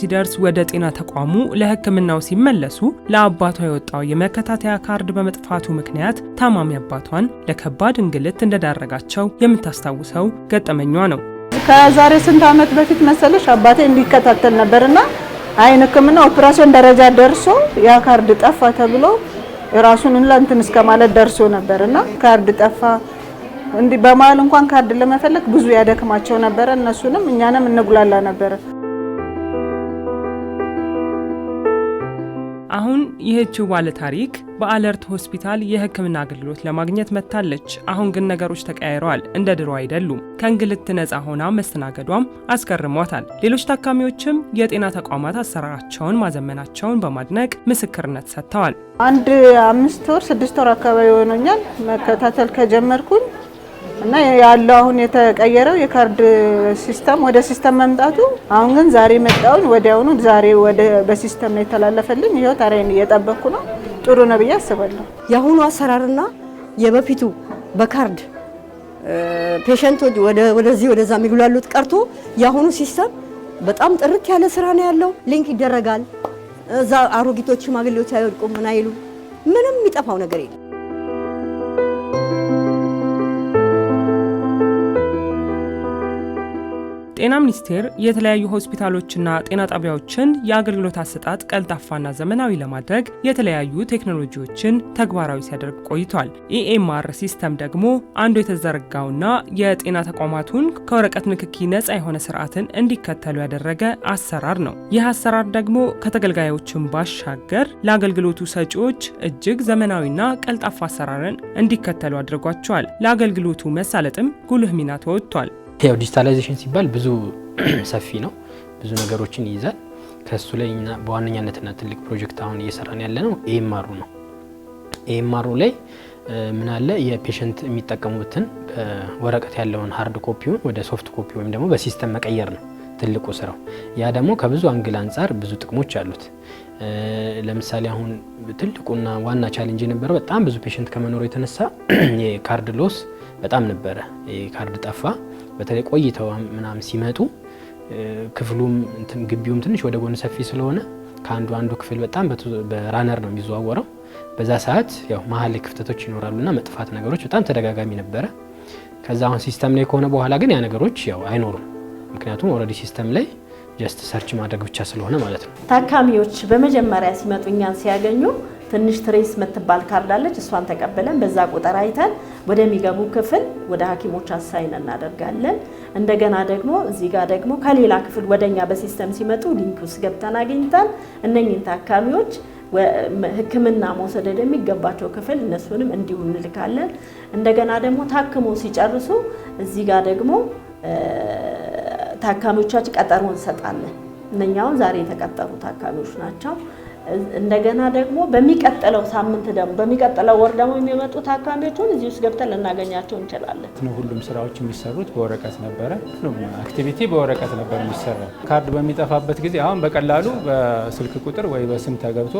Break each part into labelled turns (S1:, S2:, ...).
S1: ሲደርስ ወደ ጤና ተቋሙ
S2: ለሕክምናው ሲመለሱ ለአባቷ የወጣው የመከታተያ ካርድ በመጥፋቱ ምክንያት ታማሚ አባቷን ለከባድ እንግልት እንደዳረጋቸው የምታስታውሰው ገጠመኛ ነው።
S3: ከዛሬ ስንት ዓመት በፊት መሰለሽ አባቴ እንዲከታተል ነበርና አይን ሕክምና ኦፕራሽን ደረጃ ደርሶ ያ ካርድ ጠፋ ተብሎ የራሱን እንትን እስከ ማለት ደርሶ ነበርና ካርድ ጠፋ እንዲህ በመሀል እንኳን ካርድ ለመፈለግ ብዙ ያደክማቸው ነበረ። እነሱንም እኛንም እንጉላላ ነበረ።
S2: አሁን ይህችው ባለ ታሪክ በአለርት ሆስፒታል የሕክምና አገልግሎት ለማግኘት መጥታለች። አሁን ግን ነገሮች ተቀያይረዋል፣ እንደ ድሮ አይደሉም። ከእንግልት ነፃ ሆና መስተናገዷም አስገርሟታል። ሌሎች ታካሚዎችም የጤና ተቋማት አሰራራቸውን ማዘመናቸውን በማድነቅ ምስክርነት ሰጥተዋል።
S3: አንድ አምስት ወር ስድስት ወር አካባቢ ሆኖኛል መከታተል ከጀመርኩኝ እና ያለው አሁን የተቀየረው የካርድ ሲስተም ወደ ሲስተም መምጣቱ አሁን ግን ዛሬ መጣውን ወዲያውኑ ዛሬ ወደ በሲስተም ነው የተላለፈልኝ። ይኸው ተራዬን እየጠበቅኩ ነው። ጥሩ ነው ብዬ አስባለሁ። የአሁኑ አሰራርና የበፊቱ በካርድ ፔሸንቶች ወደዚህ ወደዛ የሚጉላሉት ቀርቶ የአሁኑ ሲስተም በጣም ጥርት ያለ ስራ ነው ያለው። ሊንክ ይደረጋል። እዛ አሮጊቶች ሽማግሌዎች አይወድቁም። ምን አይሉ ምንም የሚጠፋው ነገር የለም።
S2: ጤና ሚኒስቴር የተለያዩ ሆስፒታሎችና ጤና ጣቢያዎችን የአገልግሎት አሰጣጥ ቀልጣፋና ዘመናዊ ለማድረግ የተለያዩ ቴክኖሎጂዎችን ተግባራዊ ሲያደርግ ቆይቷል። ኢኤምአር ሲስተም ደግሞ አንዱ የተዘረጋውና የጤና ተቋማቱን ከወረቀት ንክኪ ነፃ የሆነ ስርዓትን እንዲከተሉ ያደረገ አሰራር ነው። ይህ አሰራር ደግሞ ከተገልጋዮችን ባሻገር ለአገልግሎቱ ሰጪዎች እጅግ ዘመናዊና ቀልጣፋ አሰራርን እንዲከተሉ አድርጓቸዋል። ለአገልግሎቱ መሳለጥም ጉልህ ሚና ተወጥቷል።
S4: ያው ዲጂታላይዜሽን ሲባል ብዙ ሰፊ ነው፣ ብዙ ነገሮችን ይይዛል። ከሱ ላይ በዋነኛነትና ትልቅ ፕሮጀክት አሁን እየሰራን ያለ ነው ኤምአሩ ነው። ኤምአሩ ላይ ምን አለ የፔሸንት የሚጠቀሙትን ወረቀት ያለውን ሀርድ ኮፒውን ወደ ሶፍት ኮፒ ወይም ደግሞ በሲስተም መቀየር ነው ትልቁ ስራው። ያ ደግሞ ከብዙ አንግል አንጻር ብዙ ጥቅሞች አሉት። ለምሳሌ አሁን ትልቁና ዋና ቻሌንጅ የነበረው በጣም ብዙ ፔሸንት ከመኖሩ የተነሳ የካርድ ሎስ በጣም ነበረ ካርድ ጠፋ። በተለይ ቆይተው ምናምን ሲመጡ ክፍሉም ግቢውም ትንሽ ወደ ጎን ሰፊ ስለሆነ ከአንዱ አንዱ ክፍል በጣም በራነር ነው የሚዘዋወረው። በዛ ሰዓት ያው መሀል ላይ ክፍተቶች ይኖራሉና መጥፋት ነገሮች በጣም ተደጋጋሚ ነበረ። ከዛ አሁን ሲስተም ላይ ከሆነ በኋላ ግን ያ ነገሮች ያው አይኖሩም። ምክንያቱም ኦልሬዲ ሲስተም ላይ ጀስት ሰርች ማድረግ ብቻ ስለሆነ ማለት ነው።
S3: ታካሚዎች በመጀመሪያ ሲመጡ እኛን ሲያገኙ ትንሽ ትሬስ የምትባል ካርድ አለች። እሷን ተቀብለን በዛ ቁጥር አይተን ወደሚገቡ ክፍል ወደ ሐኪሞች አሳይን እናደርጋለን። እንደገና ደግሞ እዚህ ጋር ደግሞ ከሌላ ክፍል ወደኛ በሲስተም ሲመጡ ሊንክ ውስጥ ገብተን አግኝተን እነኝን ታካሚዎች ሕክምና መውሰድ የሚገባቸው ክፍል እነሱንም እንዲሁ እንልካለን። እንደገና ደግሞ ታክሞ ሲጨርሱ እዚህ ጋር ደግሞ ታካሚዎቻችን ቀጠሮ እንሰጣለን። እነኛውን ዛሬ የተቀጠሩ ታካሚዎች ናቸው። እንደገና ደግሞ በሚቀጥለው ሳምንት ደግሞ በሚቀጥለው ወር ደግሞ የሚመጡ ታካሚዎችን እዚህ ውስጥ ገብተን ልናገኛቸው እንችላለን።
S5: ሁሉም ስራዎች የሚሰሩት በወረቀት ነበረ። ሁሉም አክቲቪቲ በወረቀት ነበር የሚሰራው። ካርድ በሚጠፋበት ጊዜ አሁን በቀላሉ በስልክ ቁጥር ወይ በስም ተገብቶ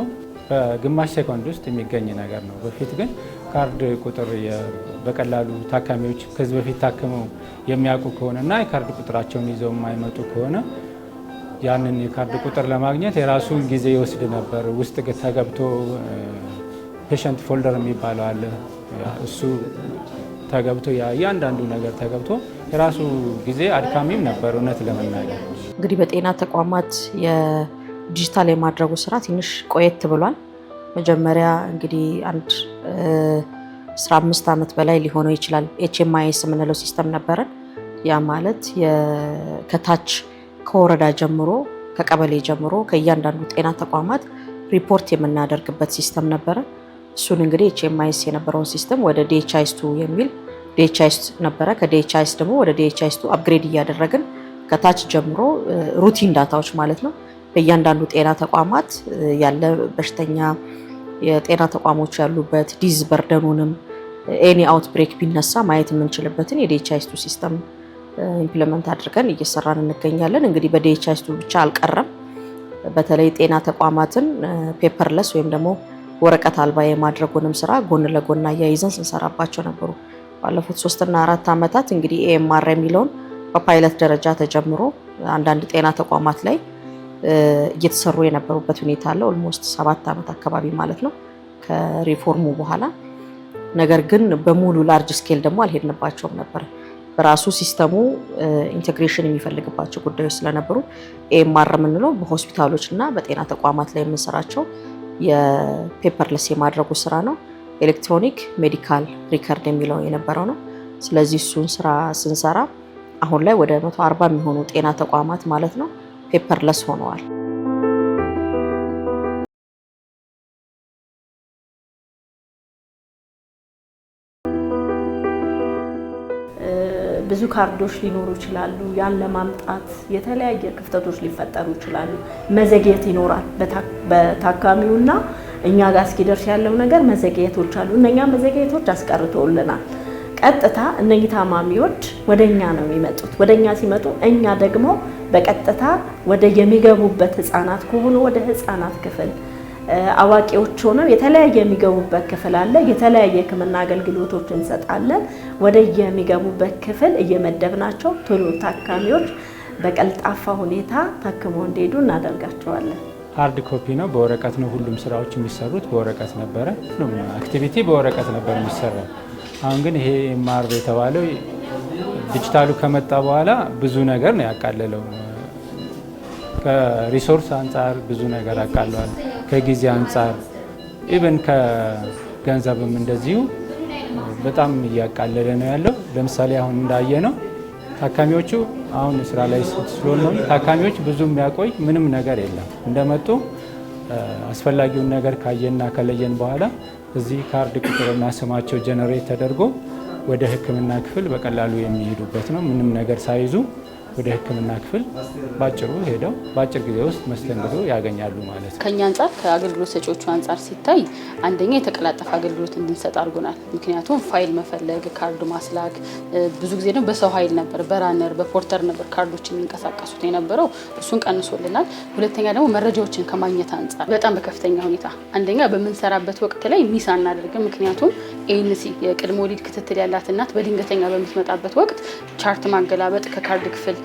S5: በግማሽ ሴኮንድ ውስጥ የሚገኝ ነገር ነው። በፊት ግን ካርድ ቁጥር በቀላሉ ታካሚዎች ከዚህ በፊት ታክመው የሚያውቁ ከሆነ እና የካርድ ቁጥራቸውን ይዘው የማይመጡ ከሆነ ያንን የካርድ ቁጥር ለማግኘት የራሱን ጊዜ ይወስድ ነበር። ውስጥ ተገብቶ ፔሸንት ፎልደር የሚባለው አለ። እሱ ተገብቶ እያንዳንዱ ነገር ተገብቶ የራሱ ጊዜ አድካሚም ነበር። እውነት ለመናገር
S6: እንግዲህ በጤና ተቋማት የዲጂታል የማድረጉ ስራ ትንሽ ቆየት ብሏል። መጀመሪያ እንግዲህ አንድ 15 ዓመት በላይ ሊሆነው ይችላል ኤችኤምአይኤስ የምንለው ሲስተም ነበረን። ያ ማለት ከታች ከወረዳ ጀምሮ ከቀበሌ ጀምሮ ከእያንዳንዱ ጤና ተቋማት ሪፖርት የምናደርግበት ሲስተም ነበረ። እሱን እንግዲህ ኤችኤምአይስ የነበረውን ሲስተም ወደ ዲኤችአይስ የሚል ዲኤችአይስ ነበረ። ከዲኤችአይስ ደግሞ ወደ ዲኤችአይስ አፕግሬድ እያደረግን ከታች ጀምሮ ሩቲን ዳታዎች ማለት ነው። በእያንዳንዱ ጤና ተቋማት ያለ በሽተኛ የጤና ተቋሞች ያሉበት ዲዝ በርደኑንም ኤኒ አውትብሬክ ቢነሳ ማየት የምንችልበትን የዲኤችአይስ ሲስተም ኢምፕለመንት አድርገን እየሰራን እንገኛለን። እንግዲህ በዲኤችአይቱ ብቻ አልቀረም። በተለይ ጤና ተቋማትን ፔፐርለስ ወይም ደግሞ ወረቀት አልባ የማድረጉንም ስራ ጎን ለጎን አያይዘን ስንሰራባቸው ነበሩ። ባለፉት ሶስትና አራት ዓመታት እንግዲህ ኤኤምአር የሚለውን በፓይለት ደረጃ ተጀምሮ አንዳንድ ጤና ተቋማት ላይ እየተሰሩ የነበሩበት ሁኔታ አለ። ኦልሞስት ሰባት ዓመት አካባቢ ማለት ነው ከሪፎርሙ በኋላ ነገር ግን በሙሉ ላርጅ ስኬል ደግሞ አልሄድንባቸውም ነበር። በራሱ ሲስተሙ ኢንቴግሬሽን የሚፈልግባቸው ጉዳዮች ስለነበሩ ኤምአር የምንለው በሆስፒታሎች እና በጤና ተቋማት ላይ የምንሰራቸው የፔፐርለስ የማድረጉ ስራ ነው። ኤሌክትሮኒክ ሜዲካል ሪከርድ የሚለው የነበረው ነው። ስለዚህ እሱን ስራ ስንሰራ አሁን ላይ ወደ 140 የሚሆኑ
S1: ጤና ተቋማት ማለት ነው ፔፐርለስ ሆነዋል። ብዙ ካርዶች ሊኖሩ ይችላሉ። ያን
S3: ለማምጣት የተለያየ ክፍተቶች ሊፈጠሩ ይችላሉ። መዘግየት ይኖራል። በታካሚውና እኛ ጋር እስኪደርስ ያለው ነገር መዘግየቶች አሉ። እነኛ መዘግየቶች አስቀርተውልናል። ቀጥታ እነኚህ ታማሚዎች ወደ እኛ ነው የሚመጡት። ወደ እኛ ሲመጡ እኛ ደግሞ በቀጥታ ወደ የሚገቡበት ህጻናት ከሆኑ ወደ ህጻናት ክፍል አዋቂዎች ሆነው የተለያየ የሚገቡበት ክፍል አለ። የተለያየ ሕክምና አገልግሎቶች እንሰጣለን። ወደ የሚገቡበት ክፍል እየመደብናቸው ቶሎ ታካሚዎች በቀልጣፋ ሁኔታ ታክሞ እንዲሄዱ እናደርጋቸዋለን።
S5: ሃርድ ኮፒ ነው፣ በወረቀት ነው። ሁሉም ስራዎች የሚሰሩት በወረቀት ነበረ። ሁሉም አክቲቪቲ በወረቀት ነበር የሚሰራው። አሁን ግን ይሄ ማር የተባለው ዲጂታሉ ከመጣ በኋላ ብዙ ነገር ነው ያቃለለው። ከሪሶርስ አንጻር ብዙ ነገር አቃለዋል። ከጊዜ አንጻር ኢቨን ከገንዘብም እንደዚሁ በጣም እያቃለለ ነው ያለው። ለምሳሌ አሁን እንዳየ ነው ታካሚዎቹ አሁን ስራ ላይ ስለሆነ ታካሚዎች ብዙ የሚያቆይ ምንም ነገር የለም። እንደመጡ አስፈላጊውን ነገር ካየና ከለየን በኋላ እዚህ ካርድ ቁጥርና ስማቸው ጀነሬት ተደርጎ ወደ ሕክምና ክፍል በቀላሉ የሚሄዱበት ነው ምንም ነገር ሳይዙ ወደ ህክምና ክፍል ባጭሩ ሄደው በአጭር ጊዜ ውስጥ መስተንግዶ ያገኛሉ ማለት ነው።
S1: ከኛ አንጻር ከአገልግሎት ሰጪዎቹ አንጻር ሲታይ አንደኛ የተቀላጠፈ አገልግሎት እንድንሰጥ አድርጎናል። ምክንያቱም ፋይል መፈለግ፣ ካርድ ማስላክ ብዙ ጊዜ ደግሞ በሰው ኃይል ነበር፣ በራነር በፖርተር ነበር ካርዶች የሚንቀሳቀሱት የነበረው እሱን ቀንሶልናል። ሁለተኛ ደግሞ መረጃዎችን ከማግኘት አንጻር በጣም በከፍተኛ ሁኔታ አንደኛ በምንሰራበት ወቅት ላይ ሚስ አናደርግም ምክንያቱም ኤንሲ የቅድመ ወሊድ ክትትል ያላት እናት በድንገተኛ በምትመጣበት ወቅት ቻርት ማገላበጥ፣ ከካርድ ክፍል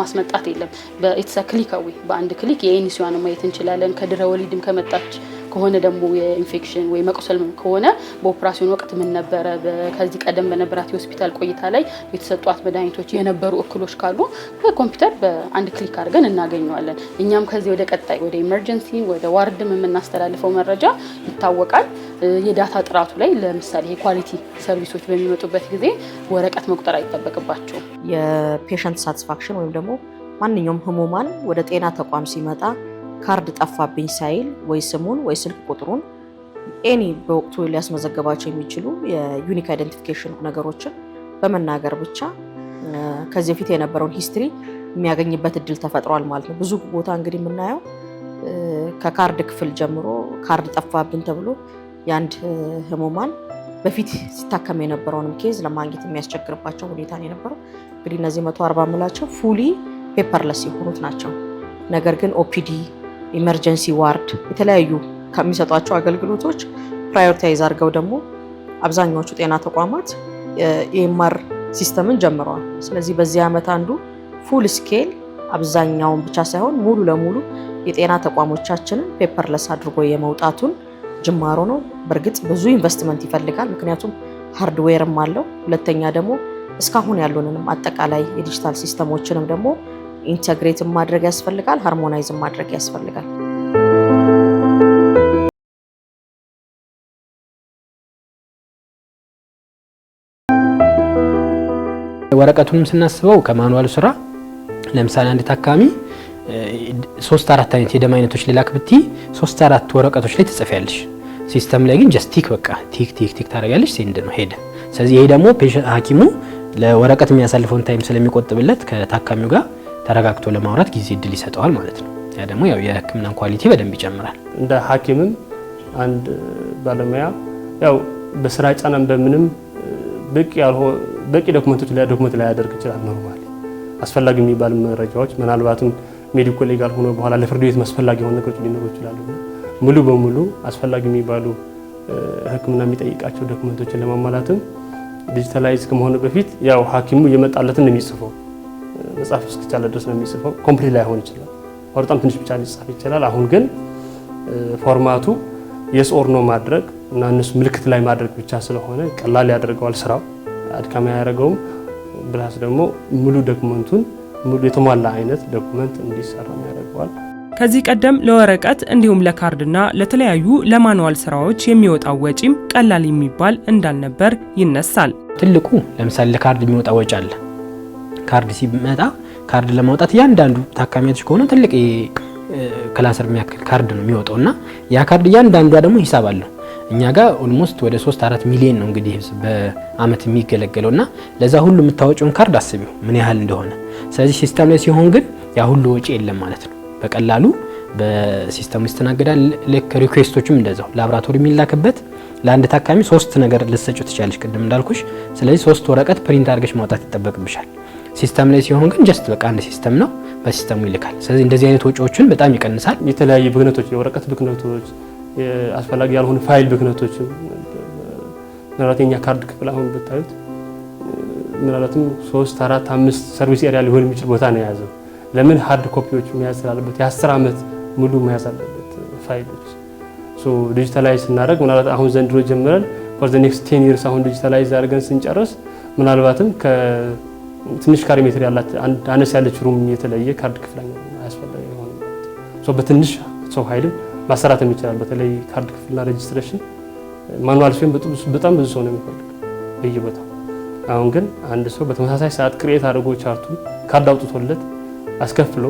S1: ማስመጣት የለም። በኢትሳ ክሊካዊ በአንድ ክሊክ የኤንሲዋን ማየት እንችላለን። ከድረ ወሊድም ከመጣች ከሆነ ደግሞ የኢንፌክሽን ወይ መቁሰል ከሆነ በኦፕራሲዮን ወቅት ምን ነበረ፣ ከዚህ ቀደም በነበራት የሆስፒታል ቆይታ ላይ የተሰጧት መድኃኒቶች የነበሩ እክሎች ካሉ በኮምፒውተር በአንድ ክሊክ አድርገን እናገኘዋለን። እኛም ከዚህ ወደ ቀጣይ ወደ ኢመርጀንሲ ወደ ዋርድም የምናስተላልፈው መረጃ ይታወቃል። የዳታ ጥራቱ ላይ ለምሳሌ የኳሊቲ ሰርቪሶች በሚመጡበት ጊዜ ወረቀት መቁጠር አይጠበቅባቸውም።
S6: የፔሸንት ሳቲስፋክሽን ወይም ደግሞ ማንኛውም ህሙማን ወደ ጤና ተቋም ሲመጣ ካርድ ጠፋብኝ ሳይል ወይ ስሙን ወይ ስልክ ቁጥሩን ኤኒ በወቅቱ ሊያስመዘገባቸው የሚችሉ የዩኒክ አይደንቲፊኬሽን ነገሮችን በመናገር ብቻ ከዚህ በፊት የነበረውን ሂስትሪ የሚያገኝበት እድል ተፈጥሯል ማለት ነው። ብዙ ቦታ እንግዲህ የምናየው ከካርድ ክፍል ጀምሮ ካርድ ጠፋብን ተብሎ የአንድ ህሙማን በፊት ሲታከም የነበረውንም ኬዝ ለማግኘት የሚያስቸግርባቸው ሁኔታ ነው የነበረው። እንግዲህ እነዚህ መቶ አርባ የምላቸው ፉሊ ፔፐርለስ የሆኑት ናቸው። ነገር ግን ኦፒዲ ኢመርጀንሲ ዋርድ የተለያዩ ከሚሰጧቸው አገልግሎቶች ፕራዮሪታይዝ አድርገው ደግሞ አብዛኛዎቹ ጤና ተቋማት የኤምአር ሲስተምን ጀምረዋል። ስለዚህ በዚህ ዓመት አንዱ ፉል ስኬል አብዛኛውን ብቻ ሳይሆን ሙሉ ለሙሉ የጤና ተቋሞቻችንን ፔፐርለስ አድርጎ የመውጣቱን ጅማሮ ነው። በእርግጥ ብዙ ኢንቨስትመንት ይፈልጋል። ምክንያቱም ሃርድዌርም አለው። ሁለተኛ ደግሞ እስካሁን ያሉንንም አጠቃላይ የዲጂታል ሲስተሞችንም ደግሞ ኢንተግሬት ማድረግ ያስፈልጋል፣ ሃርሞናይዝ ማድረግ ያስፈልጋል።
S1: ወረቀቱንም ስናስበው ከማኑዋል ስራ
S4: ለምሳሌ አንድ ታካሚ ሶስት አራት አይነት የደም አይነቶች ሌላክ ብቲ ሶስት አራት ወረቀቶች ላይ ትጽፊያለሽ። ሲስተም ላይ ግን ጀስት ቲክ በቃ ቲክ ቲክ ቲክ ታደርጊያለሽ። ሴንድ ነው ሄደ። ስለዚህ ይሄ ደግሞ ሐኪሙ ለወረቀት የሚያሳልፈውን ታይም ስለሚቆጥብለት ከታካሚው ጋር
S7: ተረጋግቶ ለማውራት ጊዜ እድል ይሰጠዋል ማለት ነው። ያ ደግሞ ያው የህክምና ኳሊቲ በደንብ ይጨምራል። እንደ ሐኪምም አንድ ባለሙያ ያው በስራ ጫናም በምንም በቂ በቂ ዶክመንቶች ላይ ዶክመንት ላይ ያደርግ ይችላል። ኖርማሊ አስፈላጊ የሚባል መረጃዎች ምናልባትም ሜዲኮ ሌጋል ሆኖ በኋላ ለፍርድ ቤት አስፈላጊ የሆኑ ነገሮች ሊኖሩ ይችላሉ። ሙሉ በሙሉ አስፈላጊ የሚባሉ ህክምና የሚጠይቃቸው ዶክመንቶችን ለማሟላትም ዲጂታላይዝ ከመሆኑ በፊት ያው ሐኪሙ የመጣለትን ነው የሚጽፈው። መጽሐፍ እስኪቻለ ድረስ ነው የሚጽፈው። ኮምፕሊት ላይሆን ይችላል፣ በጣም ትንሽ ብቻ ሊጻፍ ይችላል። አሁን ግን ፎርማቱ የስ ኦር ኖ ማድረግ እና እነሱ ምልክት ላይ ማድረግ ብቻ ስለሆነ ቀላል ያደርገዋል ስራው፣ አድካሚ ያደረገውም ብላስ ደግሞ ሙሉ ዶክመንቱን ሙሉ የተሟላ አይነት ዶክመንት እንዲሰራ ያደርገዋል።
S2: ከዚህ ቀደም ለወረቀት እንዲሁም ለካርድና ለተለያዩ ለማንዋል ስራዎች የሚወጣው ወጪም ቀላል የሚባል እንዳልነበር ይነሳል። ትልቁ ለምሳሌ ለካርድ የሚወጣ ወጪ አለ ካርድ ሲመጣ ካርድ ለማውጣት
S4: እያንዳንዱ ታካሚያቶች ከሆነ ትልቅ ክላሰር የሚያክል ካርድ ነው የሚወጣው እና ያ ካርድ እያንዳንዷ ደግሞ ሂሳብ አለው። እኛ ጋር ኦልሞስት ወደ 3 4 ሚሊዮን ነው እንግዲህ በአመት የሚገለገለው እና ለዛ ሁሉ የምታወጪውን ካርድ አስቢው ምን ያህል እንደሆነ። ስለዚህ ሲስተም ላይ ሲሆን ግን ያ ሁሉ ወጪ የለም ማለት ነው። በቀላሉ በሲስተሙ ይስተናገዳል። ልክ ሪኩዌስቶችም እንደዛው ላብራቶሪ የሚላክበት ለአንድ ታካሚ ሶስት ነገር ልሰጪው ትችላለሽ፣ ቅድም እንዳልኩሽ። ስለዚህ ሶስት ወረቀት ፕሪንት አድርገሽ ማውጣት ይጠበቅብሻል። ሲስተም ላይ ሲሆን ግን ጀስት በቃ አንድ ሲስተም
S7: ነው፣ በሲስተሙ ይልካል። ስለዚህ እንደዚህ አይነት ወጪዎችን በጣም ይቀንሳል። የተለያዩ ብክነቶች፣ የወረቀት ብክነቶች፣ አስፈላጊ ያልሆኑ ፋይል ብክነቶች ምናልባት የኛ ካርድ ክፍል አሁን ብታዩት ምናልባትም ሶስት አራት አምስት ሰርቪስ ኤሪያ ሊሆን የሚችል ቦታ ነው የያዘው። ለምን ሀርድ ኮፒዎች መያዝ ስላለበት የአስር ዓመት ሙሉ መያዝ አለበት ፋይሎች ዲጂታላይዝ ስናደርግ ምናልባት አሁን ዘንድሮ ጀምረን ፎር ዘ ኔክስት ቴን ይርስ አሁን ዲጂታላይዝ አድርገን ስንጨርስ ምናልባትም ትንሽ ካሬ ሜትር ያላት አነስ ያለች ሩም የተለየ ካርድ ክፍል አያስፈልግ ሆ በትንሽ ሰው ኃይል ማሰራት የሚችላል። በተለይ ካርድ ክፍልና ሬጅስትሬሽን ማኑዋል ሲሆን በጣም ብዙ ሰው ነው የሚፈልግ በየቦታው። አሁን ግን አንድ ሰው በተመሳሳይ ሰዓት ክሬት አድርጎ ቻርቱ ካርድ አውጥቶለት አስከፍሎ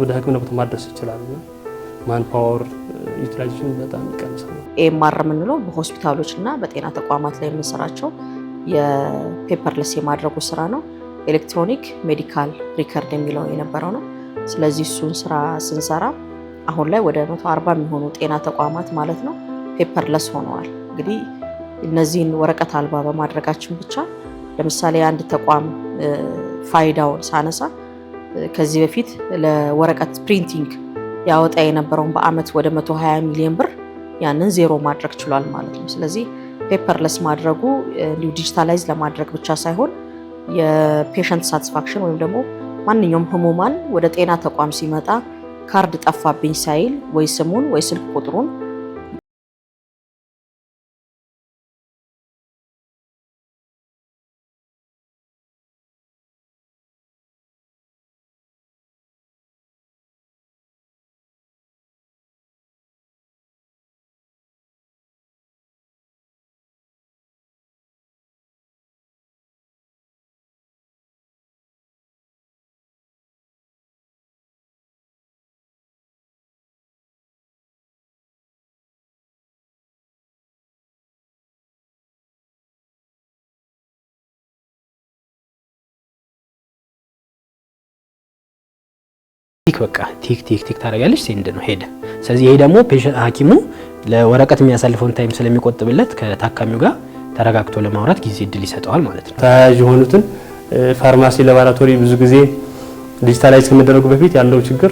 S7: ወደ ሕክምና ቦታ ማድረስ እና ማን ፓወር ዩቲላይዜሽን በጣም ይቀንሳል።
S6: ኤም አር የምንለው በሆስፒታሎች እና በጤና ተቋማት ላይ የምንሰራቸው የፔፐርለስ የማድረጉ ስራ ነው። ኤሌክትሮኒክ ሜዲካል ሪከርድ የሚለው የነበረው ነው። ስለዚህ እሱን ስራ ስንሰራ አሁን ላይ ወደ 140 የሚሆኑ ጤና ተቋማት ማለት ነው ፔፐርለስ ሆነዋል። እንግዲህ እነዚህን ወረቀት አልባ በማድረጋችን ብቻ ለምሳሌ አንድ ተቋም ፋይዳውን ሳነሳ ከዚህ በፊት ለወረቀት ፕሪንቲንግ ያወጣ የነበረውን በአመት ወደ 120 ሚሊዮን ብር ያንን ዜሮ ማድረግ ችሏል ማለት ነው። ስለዚህ ፔፐርለስ ማድረጉ እንዲሁ ዲጂታላይዝ ለማድረግ ብቻ ሳይሆን የፔሸንት ሳትስፋክሽን ወይም ደግሞ ማንኛውም ህሙማን ወደ ጤና ተቋም ሲመጣ ካርድ ጠፋብኝ ሳይል ወይ ስሙን
S1: ወይ ስልክ ቁጥሩን ቲክ በቃ ቲክ ቲክ ቲክ ታደርጋለች። ሴንድ ነው ሄደ። ስለዚህ ይሄ
S4: ደግሞ ሐኪሙ ለወረቀት የሚያሳልፈውን ታይም ስለሚቆጥብለት ከታካሚው ጋር ተረጋግቶ
S7: ለማውራት ጊዜ እድል ይሰጠዋል ማለት ነው። ተያያዥ የሆኑትን ፋርማሲ፣ ላቦራቶሪ ብዙ ጊዜ ዲጂታላይዝ ከሚደረጉ በፊት ያለው ችግር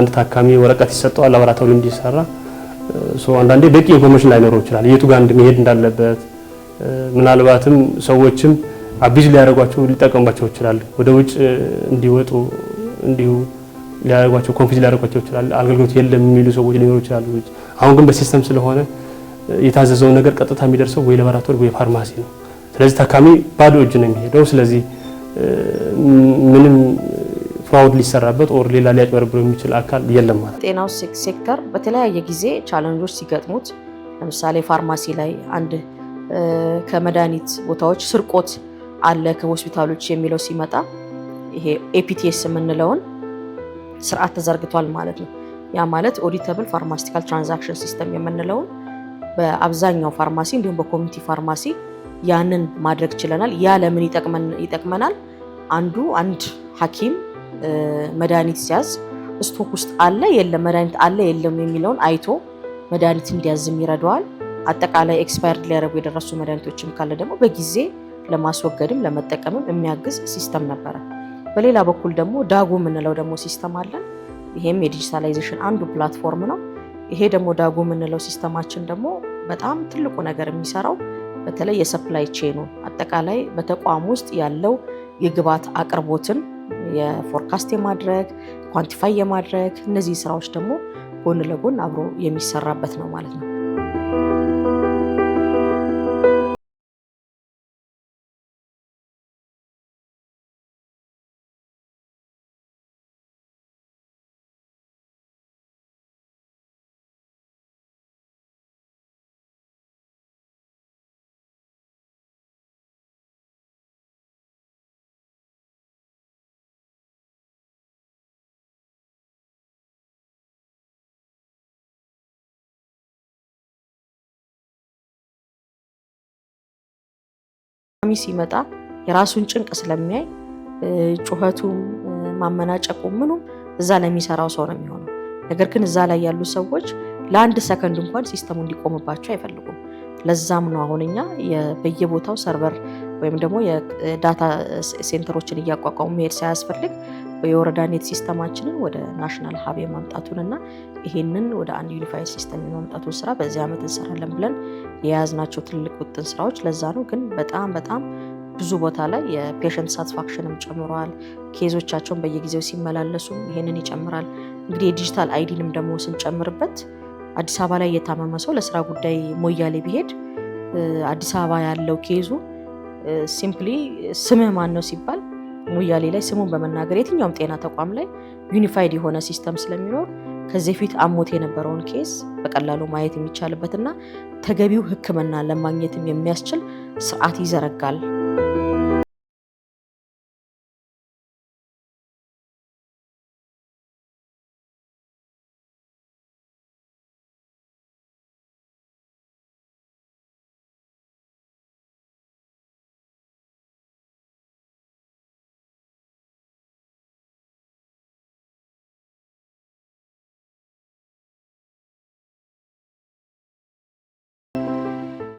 S7: አንድ ታካሚ ወረቀት ይሰጠዋል፣ ላቦራቶሪ እንዲሰራ። አንዳንዴ በቂ ኢንፎርሜሽን ላይኖረው ይችላል፣ የቱ ጋር መሄድ እንዳለበት። ምናልባትም ሰዎችም አቢዝ ሊያደርጓቸው ሊጠቀሙባቸው ይችላሉ፣ ወደ ውጭ እንዲወጡ እንዲሁ ሊያደርጓቸው ኮንፊዝ ሊያደርጓቸው ይችላል። አገልግሎት የለም የሚሉ ሰዎች ሊኖሩ ይችላሉ። አሁን ግን በሲስተም ስለሆነ የታዘዘውን ነገር ቀጥታ የሚደርሰው ወይ ላቦራቶሪ ወይ ፋርማሲ ነው። ስለዚህ ታካሚ ባዶ እጅ ነው የሚሄደው። ስለዚህ ምንም ፍራውድ ሊሰራበት ኦር ሌላ ሊያጭበረብረው የሚችል አካል የለም ማለት።
S6: ጤናው ሴክተር በተለያየ ጊዜ ቻለንጆች ሲገጥሙት ለምሳሌ ፋርማሲ ላይ አንድ ከመድኃኒት ቦታዎች ስርቆት አለ ከሆስፒታሎች የሚለው ሲመጣ ይሄ ኤፒቲኤስ የምንለውን ስርዓት ተዘርግቷል ማለት ነው። ያ ማለት ኦዲተብል ፋርማሲቲካል ትራንዛክሽን ሲስተም የምንለውን በአብዛኛው ፋርማሲ እንዲሁም በኮሚኒቲ ፋርማሲ ያንን ማድረግ ችለናል። ያ ለምን ይጠቅመናል? አንዱ አንድ ሐኪም መድኃኒት ሲያዝ ስቶክ ውስጥ አለ የለም፣ መድኃኒት አለ የለም የሚለውን አይቶ መድኃኒት እንዲያዝም ይረዳዋል። አጠቃላይ ኤክስፓየርድ ሊያደረጉ የደረሱ መድኃኒቶችም ካለ ደግሞ በጊዜ ለማስወገድም ለመጠቀምም የሚያግዝ ሲስተም ነበረ። በሌላ በኩል ደግሞ ዳጉ የምንለው ደግሞ ሲስተም አለን። ይሄም የዲጂታላይዜሽን አንዱ ፕላትፎርም ነው። ይሄ ደግሞ ዳጉ የምንለው ሲስተማችን ደግሞ በጣም ትልቁ ነገር የሚሰራው በተለይ የሰፕላይ ቼኑ አጠቃላይ በተቋም ውስጥ ያለው የግብዓት አቅርቦትን የፎርካስት የማድረግ ኳንቲፋይ የማድረግ እነዚህ ስራዎች ደግሞ ጎን ለጎን አብሮ
S1: የሚሰራበት ነው ማለት ነው። ሚ ሲመጣ የራሱን ጭንቅ ስለሚያይ ጩኸቱም
S6: ማመናጨቁ ምኑም እዛ ለሚሰራው ሰው ነው የሚሆነው። ነገር ግን እዛ ላይ ያሉ ሰዎች ለአንድ ሰከንድ እንኳን ሲስተሙ እንዲቆምባቸው አይፈልጉም። ለዛም ነው አሁንኛ በየቦታው ሰርቨር ወይም ደግሞ የዳታ ሴንተሮችን እያቋቋሙ መሄድ ሳያስፈልግ የወረዳ ኔት ሲስተማችንን ወደ ናሽናል ሀብ እና ይሄንን ወደ አንድ ዩኒፋይድ ሲስተም የማምጣቱን ስራ በዚህ ዓመት እንሰራለን ብለን የያዝናቸው ትልቅ ውጥን ስራዎች ለዛ ነው። ግን በጣም በጣም ብዙ ቦታ ላይ የፔሸንት ሳትስፋክሽንም ጨምረዋል። ኬዞቻቸውን በየጊዜው ሲመላለሱ ይህንን ይጨምራል። እንግዲህ የዲጂታል አይዲንም ደግሞ ስንጨምርበት አዲስ አበባ ላይ የታመመ ሰው ለስራ ጉዳይ ሞያሌ ቢሄድ አዲስ አበባ ያለው ኬዙ ሲምፕሊ ስምህ ማን ነው ሲባል ሙያሌ ላይ ስሙን በመናገር የትኛውም ጤና ተቋም ላይ ዩኒፋይድ የሆነ ሲስተም ስለሚኖር ከዚህ ፊት አሞት የነበረውን ኬስ በቀላሉ ማየት የሚቻልበትና ተገቢው ሕክምና ለማግኘትም የሚያስችል
S1: ስርዓት ይዘረጋል።